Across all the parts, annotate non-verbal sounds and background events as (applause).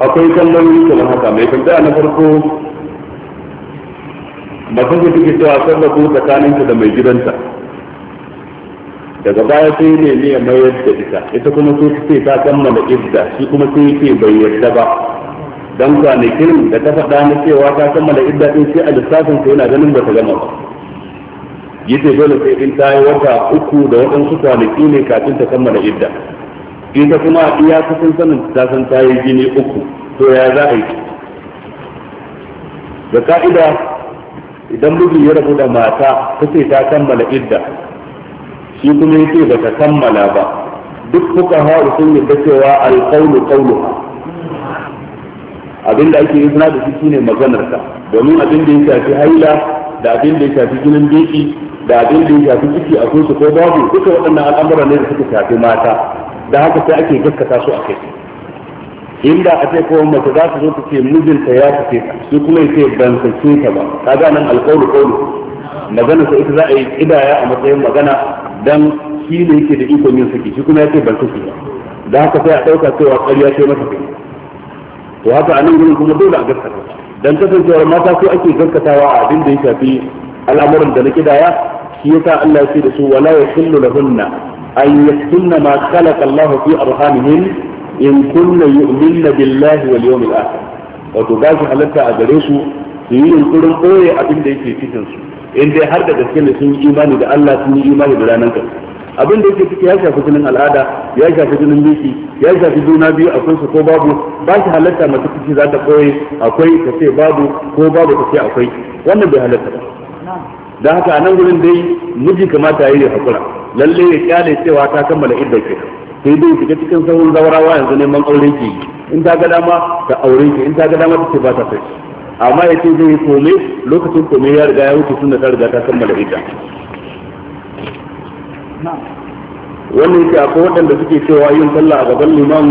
akwai kallon kamar haka mai fanta na farko matan da a cewa sarrafu tsakaninta da mai gidanta daga baya sai ne ne mayar da ita ita kuma sai ta kammala idda shi kuma sai ce bai yadda ba dan kwanakin da ta faɗa na cewa ta kammala idda din sai a lissafin sai yana ganin ba ta gama ba Yi ce dole sai in ta yi wata uku da waɗansu kwanaki ne kafin ta kammala idda ita kuma iya kusan sanin ta san ta yi jini uku to ya za a yi da ka'ida idan miji ya rabu da mata ta ce ta kammala idda shi kuma ya ce ba ta kammala ba duk kuka hau sun yadda cewa alƙaunu ƙaunuha abinda ake suna da shi ne maganar ta domin abin da ya shafi haila da abin da ya shafi jinin biki da abin da ya shafi ciki a su ko babu duka waɗannan al'amura ne da suka shafi mata da haka sai ake gaskata su a kai inda a kai kowa mace za ta zo ta ce mijinta ya fi ta su kuma ce ban sake ta ba ka ga nan alƙawlu ƙawlu magana sai ita za a yi kidaya a matsayin magana dan shi ne yake da ikon yin saki shi kuma ya ban sake ba da haka sai a ɗauka cewa ƙarya ce masa kai to haka a nan gurin kuma dole a gaskata dan kasancewar mata su ake gaskatawa a abin da ya shafi al'amuran da na kidaya shi yasa Allah ya ce da su wala yahillu lahunna أن يكتمن ما خلق الله في أرحامهن إن كن يؤمن بالله واليوم الآخر وتباشي حلتا أدريسو su yi yunkurin ɓoye abin da yake cikin su in dai har da gaske ne sun yi imani da Allah sun yi imani da ranar kan abin da yake ciki ya shafi jinin al'ada ya shafi jinin biki ya shafi juna biyu akwai su ko babu ba shi halatta mace ciki za ko babu bai halatta da haka a nan gurin dai miji kamata ya yi hakura lalle ya kyale cewa ta kammala idda ke sai dai shiga cikin sahun zawarawa yanzu neman auren ki in ta ga dama ta aure ki in ta ga dama ta ce ba ta sai amma ya ce zai kome lokacin kome ya riga ya wuce suna ta riga ta kammala idda wannan yake akwai waɗanda suke cewa yin sallah a gaban liman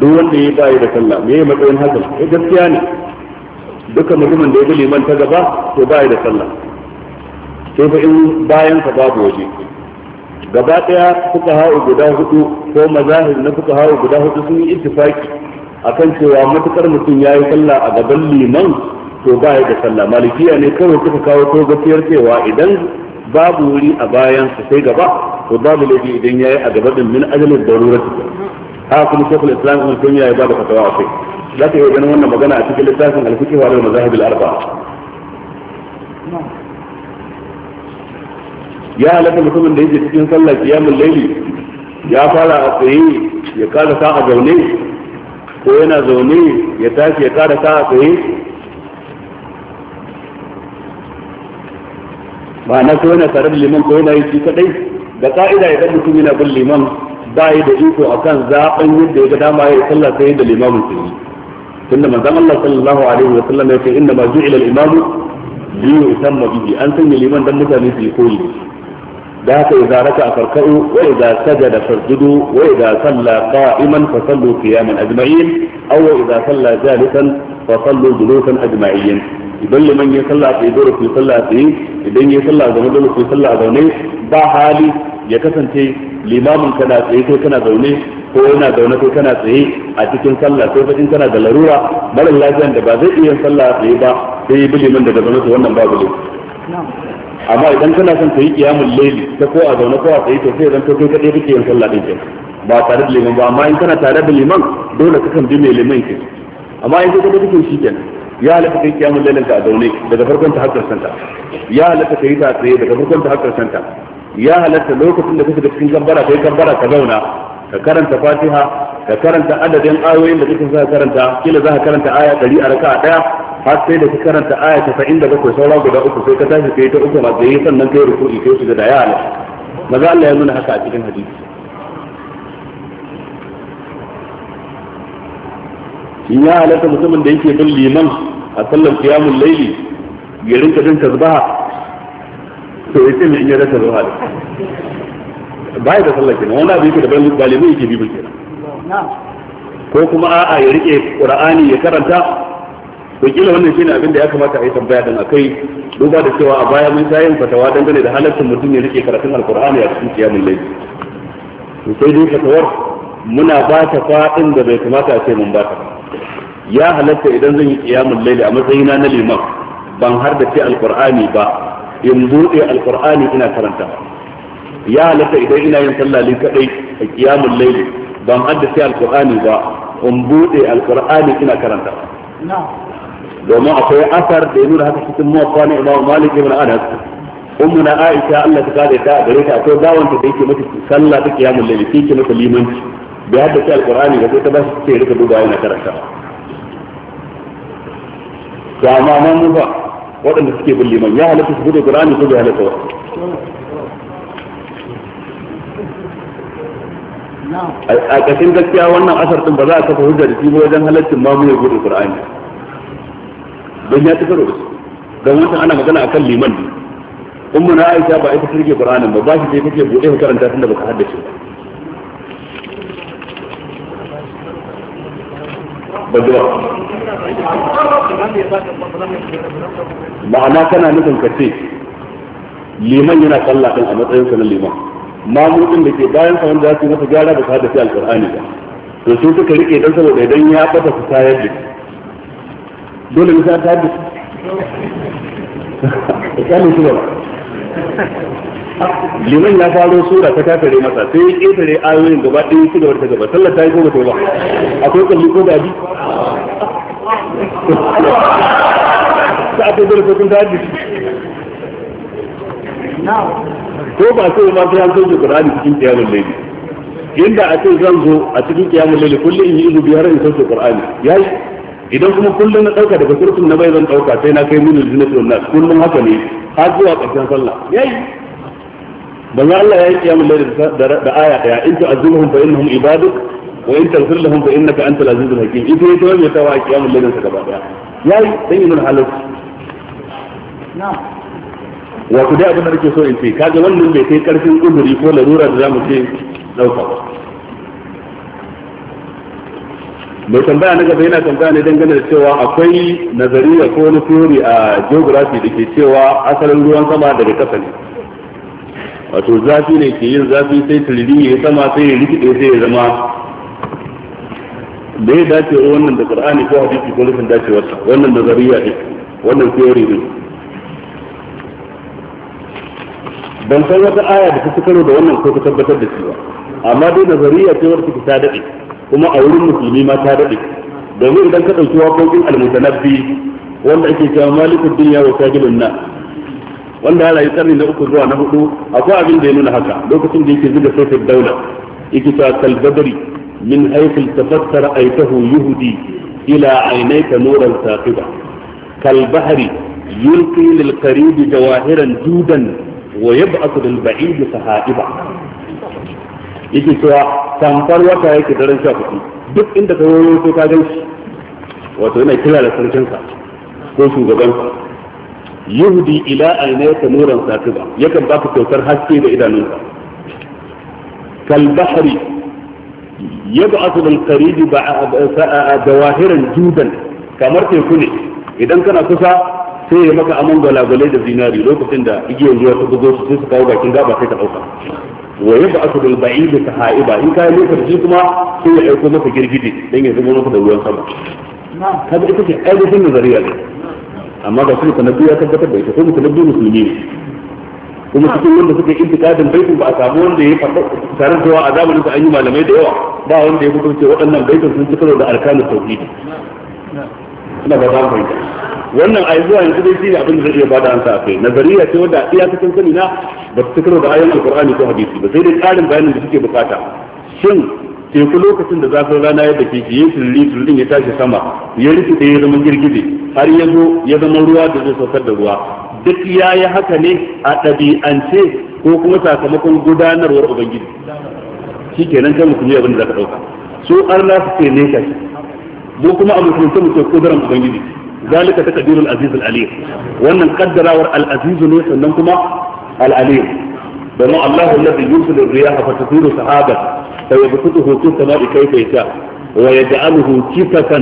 duk wanda ya bayi da sallah me ya matsayin hakan eh gaskiya ne duka mutumin da ya bi liman ta gaba to bayi da sallah sai ba in bayan ka babu waje gaba daya fuka hawo guda hudu ko mazahir na fuka hawo guda hudu sun yi ittifaki akan cewa matukar mutum yayi sallah a gaban liman to ba ya da sallah malikiya ne kawai suka kawo to gafiyar cewa idan babu wuri a bayan sa sai gaba to babu laifi idan yayi a gaba din min ajalin darurati ha kuma shekul islam ibn taymiya ya ba da fatawa sai zaka yi ganin wannan magana a cikin littafin al-fiqh wa al-mazahib al-arba'a ya halatta mutumin da yake cikin sallah kiyamul laili ya fara a tsaye ya kada sa a zaune ko yana zaune ya tashi ya kada sa a tsaye ba na ko yana tare da liman ko yana yi shi kadai da ka'ida ɗan mutum yana bin liman ba yi da iko akan zaɓen yadda ya ga dama ya sallah sai da limamin sun yi tunda manzon Allah sallallahu alaihi wa sallam ya ce inna ma ju'ila al-imamu li yusamma bihi an sanya liman dan mutane su yi koyi da haka idza raka farka'u wa idza sajada fasjudu wa idza salla qa'iman fa sallu qiyaman ajma'in aw idza salla jalisan fa sallu julusan ajma'in idan liman ya salla sai dole ku salla sai idan ya salla zama dole ku salla zaune ba hali ya kasance limamin kana tsaye ko kana zaune ko yana zaune ko kana tsaye a cikin sallah ko in kana da larura marar lafiyan da ba zai iya sallah tsaye ba sai bi liman daga zaune to wannan babu ne amma idan kana son ka yi kiyamul laili ta ko a zaune ko a tsaye to sai zanto kai kadai kake yin sallah din kenan ba tare da liman ba amma in kana tare da liman dole ka kan bi mai liman ke amma in kai kadai kake shi kenan ya halatta kai kiyamul lailin ka a zaune daga farkon ta hakkar santa ya halatta kai ta tsaye daga farkon ta hakkar santa ya halatta lokacin da kake da cikin gambara kai gambara ka zauna ka karanta fatiha ka karanta adadin ayoyin da kake za ka karanta kila za ka karanta aya 100 a raka'a daya har sai da ka karanta aya ta fa'in da bakwai saura guda uku sai ka tashi kai ta uku ma tsaye sannan kai ruku'i kai su da ya ala maza Allah ya nuna haka a cikin hadisi shi ya halatta mutumin da yake bin liman a sallar kiyamun laili ya rinka jin tasbaha to ya ce mai in ya rasa zuwa da baya da sallar kenan wani abu yake da ba liman yake bibin kenan ko kuma a'a ya rike qur'ani ya karanta wakila wannan shine abin da ya kamata a yi tambaya dan akai duba da cewa a baya mun yin fatawa dangane da halaccin mutum ya rike karatun al'kur'ani a cikin kiyamul laifi to sai dai fatawar muna ba ta faɗin da bai kamata a ce mun ba ta ya halatta idan zan yi kiyamul laifi a matsayina na liman ban har da ce alkur'ani ba in buɗe al'kur'ani ina karanta ya halatta idan ina yin sallah ni kadai a kiyamul laifi ban har ce al'kur'ani ba in buɗe al'kur'ani ina karanta لما أعطي أثر لأنه لها تحكي سموه صانع الله مالك ابن أنس أمنا آئسة الله تقال إتاء بريتا أقول داوان تبيك متى صلى بك يا من الذي فيك متى لي منك بهذا في القرآن يقول تبس في لك دو داوان أكرشا كما ما نفع وقال نسكي باللي من يهلا تسكي القرآن يقول يهلا تو نعم. أكثر من أثر تنبضاء كفه هزا لتيبه وإذن هلت ما القرآن don ya ci karo don wancan ana magana akan liman ne ummu na aisha ba ita turge qur'anin ba ba shi sai kake bude ka karanta tunda baka haddace ba badwa ma'ana kana nufin ka ce liman yana sallah din a matsayin sa na liman mamudin da ke bayan sa wanda za su masa gyara ba ka haddace alqur'ani ba to su suka rike dan saboda idan ya bata su tayar da dole ne sai ta haddace kyalin shi ba liman ya faro sura ta kafare masa sai ya ƙetare ayoyin gaba ɗaya su gaba ta gaba sallar ta yi goma ba akwai kalli ko gaji ta akwai dole sai kun ta haddace ko ba sai ma sai an sauke Qur'ani cikin qiyamul layl inda a ce zan zo a cikin qiyamul layl kullum in yi izu biyar in sauke Qur'ani yayi idan kuma kullum na dauka daga surutun na bai zan dauka sai na kai minu jinnatu wannan kullum haka ne har zuwa karshen sallah yayi banza Allah ya yi kiyamul layl da aya daya in tu'azzimuhum fa innahum ibaduk wa in taghfir lahum fa innaka antal azizul hakim idan ya tawaye tawa a kiyamul layl ta gaba daya yayi dan yin halal na'am wa ku dai abin da nake so in ce kaga wannan bai kai karfin uzuri ko larura da zamu ce dauka mai tambaya na gaba yana tambaya ne dangane da cewa akwai nazariya ko wani theory a geography da ke cewa asalin ruwan sama daga kasa ne wato zafi ne ke yin zafi sai tiriri ya sama sai ya rikide sai ya zama da ya dace wannan da qur'ani ko hadisi ko rufin dacewarsa wannan nazariya ne wannan theory ne ban san wata aya da ta karo da wannan ko ta tabbatar da shi ba amma dai nazariya ce wadda ta daɗe kuma a wurin musulmi ma ta daɗe domin idan ka ɗauki waƙoƙin almutanabbi wanda ake cewa malikul duniya wa shagilun na wanda ya rayu karni na uku zuwa na hudu akwai abin da ya nuna haka lokacin da yake zuga sosai daula yake cewa kalbadari min haifil tafattar aitahu yuhudi ila ainaika nuran saqiba kalbahari yulqi lil jawahiran judan wa yab'athu lil ba'id sahaiba yake cewa tamfar wata yake daren sha kuɗi duk inda ka yoyo sai ka gan shi wato yana kira da sarkinsa ko shugabansa yuhdi ila aynayka nuran sakiba yakan baka kyautar haske da idanunka kal bahri yab'athu bil qarib dawahiran judan kamar teku ne idan kana kusa sai ya maka aman gole da zinari lokacin da igiyar ruwa ta bugo su sai su kawo bakin gaba sai ta dauka wa yadda aka bil ba'id ta ha'iba in kai lokar shi kuma sai ya aiko maka girgije dan ya zama maka da ruwan sama kaga ita ce ainihin nazariya ne amma ga shi sanaddu ya tabbatar da ita ko mutanabbi musulmi ne kuma cikin wanda suka yi intikadin baitin ba a samu wanda ya faɗa tare da a zamanin da an yi malamai da yawa ba wanda ya fito ce waɗannan baitin sun ci karo da arkanin tauhidi ina ba za mu fahimta wannan ayi zuwa yanzu dai shine abin da zai iya bada ansa kai nazariya ce wanda iya cikin sani na ba su karo da ayoyin alkur'ani ko hadisi ba sai dai tsarin bayanin da suke bukata shin teku lokacin da zafin rana ya dake shi yin tururi tururin ya tashi sama ya rikide ya zama girgije har ya zo ya zama ruwa da zai saukar da ruwa duk ya yi haka ne a ɗabi'ance ko kuma sakamakon gudanarwar ubangiji shi kenan kan mutum abin da za ka ɗauka su an za su ne ka mu kuma a musulunta mu ce kudurar ubangiji ذلك تقدير العزيز العليم وان قدر العزيز ne sannan kuma العليم بما الله الذي يرسل الرياح فتثير سحابا فيبسطه في السماء كيف يشاء ويجعله كفة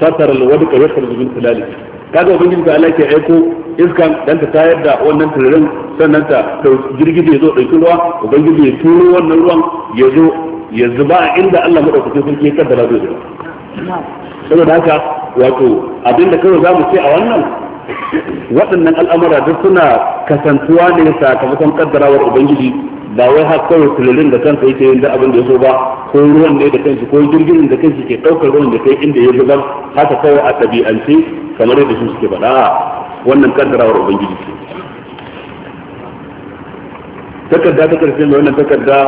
فتر الودك يخرج من خلاله kaga ubangiji ta Allah ke aiko iskan dan ta tayar da wannan tururin sannan ta girgije ya zo dauki ruwa ubangiji ya turo wannan ruwan ya zo ya zuba inda Allah madaukakin sarki ya kaddara zai zo saboda haka wato abinda kawai za mu ce a wannan waɗannan al'amura duk suna kasantuwa ne sakamakon kaddarawar ubangiji ba wai har kawai tulurin da kansa yake yin da abin da ya so ba ko ruwan ne da kanshi ko jirgin da kanshi ke ɗaukar ruwan da kai inda ya zubar haka kawai a ɗabi'ance kamar yadda su suke faɗa wannan kaddarawar ubangiji ce takarda ta karshe mai wannan takarda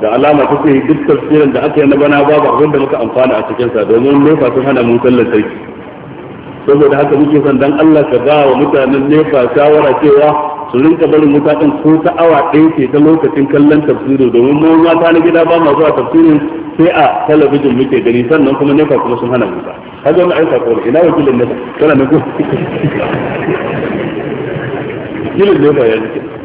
da alama ta ce duk tafsirin da aka yi na bana babu abin da muka amfana a cikinsa domin nefa sun hana mu sallar sarki saboda haka muke son dan Allah ka ba wa mutanen nefa shawara cewa su rinka barin wuta ko ta awa ɗaya ce ta lokacin kallon tafsiri domin mu mata na gida ba ma zuwa tafsirin sai a talabijin muke gani sannan kuma nefa kuma sun hana wuta kaga wannan aika ko ina wakilin nefa kana ne ko (laughs) kilin nefa ya ji